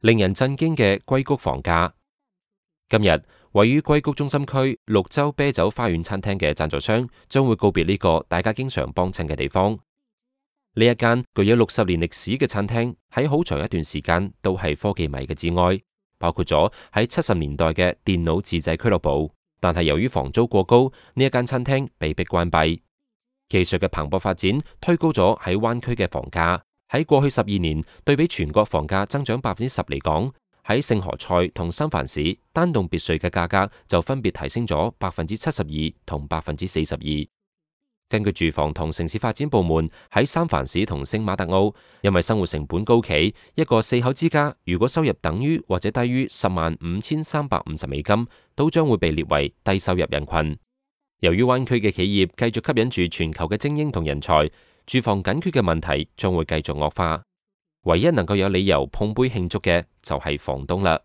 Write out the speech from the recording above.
令人震驚嘅硅谷房價，今日位於硅谷中心區綠洲啤酒花園餐廳嘅贊助商將會告別呢個大家經常幫襯嘅地方。呢一間具有六十年歷史嘅餐廳，喺好長一段時間都係科技迷嘅摯愛，包括咗喺七十年代嘅電腦自製俱樂部。但係由於房租過高，呢一間餐廳被迫關閉。技術嘅蓬勃發展推高咗喺灣區嘅房價。喺過去十二年對比全國房價增長百分之十嚟講，喺聖何塞同三藩市單棟別墅嘅價格就分別提升咗百分之七十二同百分之四十二。根據住房同城市發展部門喺三藩市同聖馬特奧，因為生活成本高企，一個四口之家如果收入等於或者低於十萬五千三百五十美金，都將會被列為低收入人群。由於灣區嘅企業繼續吸引住全球嘅精英同人才。住房緊缺嘅問題將會繼續惡化，唯一能夠有理由碰杯慶祝嘅就係房東啦。